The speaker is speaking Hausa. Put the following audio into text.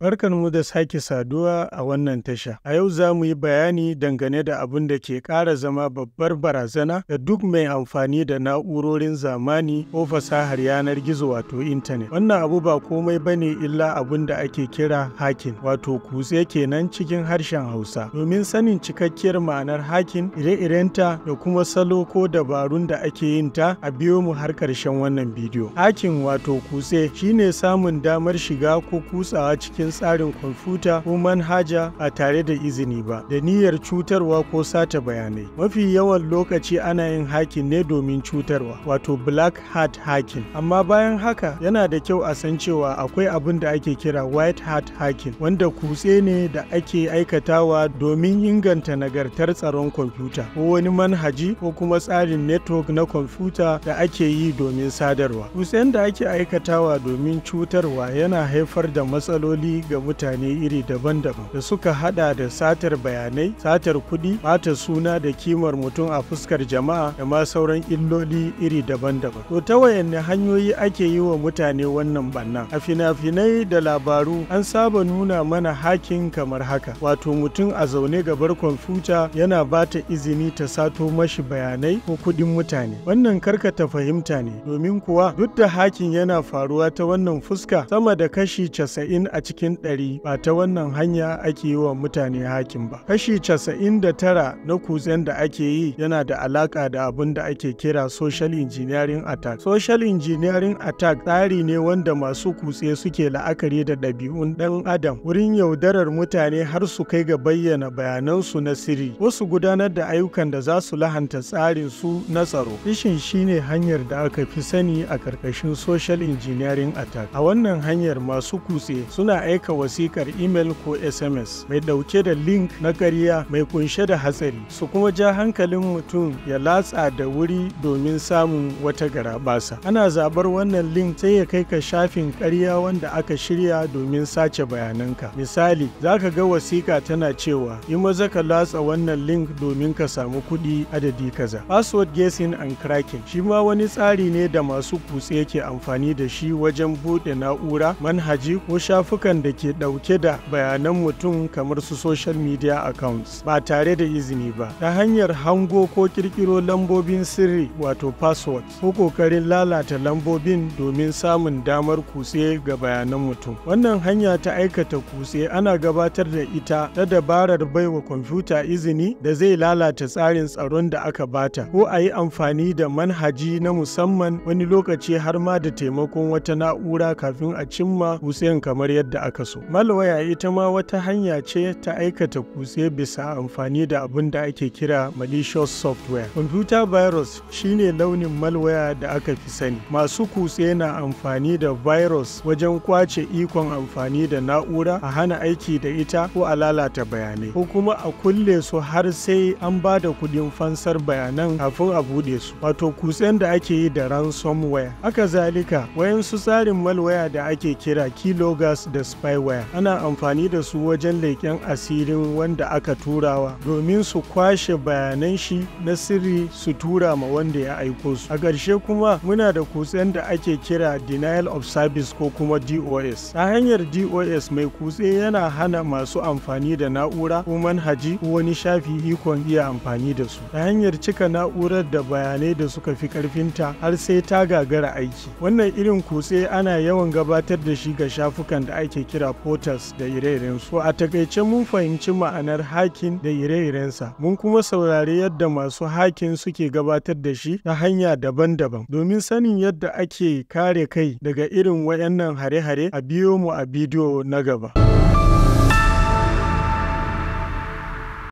Barkanmu da sake saduwa a wannan tasha. A yau za mu yi bayani dangane da abin da ke ƙara zama babbar barazana da duk mai amfani da na'urorin zamani ko fasahar yanar gizo wato intanet. Wannan abu ba komai ba ne illa abin da ake kira hakin wato kutse kenan cikin harshen Hausa. Domin sanin cikakkiyar ma'anar hakin, ire-irenta da kuma salo ko dabarun da ake yin ta a biyo mu har ƙarshen wannan bidiyo. Hakin wato kutse shine samun damar shiga ko kutsawa cikin cikin tsarin kwamfuta ko manhaja a tare da izini ba da niyyar cutarwa ko sata bayanai mafi yawan lokaci ana yin hakin ne domin cutarwa wato black hat hacking amma bayan haka yana da kyau a san cewa akwai abin da ake kira white hat hacking wanda kutse ne da ake aikatawa domin inganta nagartar tsaron kwamfuta ko wani manhaji ko kuma tsarin network na kwamfuta da ake yi domin sadarwa kutsen da ake aikatawa domin cutarwa yana haifar da matsaloli ga mutane iri daban-daban da suka hada da satar bayanai satar kuɗi mata suna da kimar mutum a fuskar jama'a da ma sauran illoli iri daban-daban to ta wayanne hanyoyi ake yi wa mutane wannan banna a fina-finai da labaru an saba nuna mana hakin kamar haka wato mutum a zaune gabar kwamfuta yana ba ta izini ta sato mashi bayanai ko kuɗin mutane wannan karkata fahimta ne domin kuwa duk da hakin yana faruwa ta wannan fuska sama da kashi 90 a cikin cikin ɗari ba ta wannan hanya ake yi wa mutane hakin ba. Kashi casa'in da tara na kutsen da ake yi yana da alaƙa da abin da ake kira social engineering attack. Social engineering attack tsari ne wanda masu kutse suke la'akari da ɗabi'un ɗan adam wurin yaudarar mutane har su kai ga bayyana bayanansu na sirri wasu gudanar da ayyukan da za su lahanta tsarin su na tsaro. Rishin shine hanyar da aka fi sani a ƙarƙashin social engineering attack. A wannan hanyar masu kutse suna aiki aika wasikar imel ko sms mai dauke da link na ƙarya mai kunshe da hatsari su kuma ja hankalin mutum ya latsa da wuri domin samun wata garabasa ana zabar wannan link sai ya kai ka shafin ƙarya wanda aka shirya domin sace bayananka misali za ka ga wasika tana cewa yi maza ka latsa wannan link domin ka samu kuɗi adadi kaza password guessing and cracking shi ma wani tsari ne da masu kutse ke amfani da shi wajen buɗe na'ura manhaji ko shafukan da ke ɗauke da bayanan mutum kamar su social media accounts ba tare da izini ba ta hanyar hango ko ƙirƙiro lambobin sirri wato password ko kokarin lalata lambobin domin samun damar kutse ga bayanan mutum wannan hanya ta aikata kutse ana gabatar da ita ta dabarar baiwa kwamfuta izini da zai lalata tsarin tsaron da aka bata ko a yi amfani da manhaji na musamman wani lokaci har ma da taimakon wata na'ura kafin a cimma kutsen kamar yadda aka Malwaya ita ma wata hanya ce ta aikata kutse bisa amfani da abin da ake kira malicious software. Computer virus shine launin malwaya da aka fi sani. Masu kutse na amfani da virus wajen kwace ikon amfani da na'ura a hana aiki da ita ko a lalata bayanai ko kuma a kulle su har sai an ba da kuɗin fansar bayanan kafin a buɗe su. Wato kutsen da ake yi da ransomware. Haka zalika wayansu tsarin malwaya da ake kira kilogas da spyware ana amfani da su wajen leƙen asirin wanda aka turawa domin su kwashe bayanan shi na sirri su tura ma wanda ya aiko su a ƙarshe kuma muna da kutsen da ake kira denial of service ko kuma dos ta hanyar dos mai kutse yana hana masu amfani da na'ura ko manhaji ko wani shafi ikon iya amfani da su ta hanyar cika na'urar da bayanai da suka fi karfinta har sai ta gagara aiki wannan irin kutse ana yawan gabatar da shi ga shafukan da ake kira potas da ire-irensu a takaice mun fahimci ma'anar hakin da ire-irensa mun kuma saurari yadda masu hakin suke gabatar da shi ta hanya daban-daban domin sanin yadda ake kare kai daga irin waɗannan hare-hare a biyo mu a bidiyo na gaba.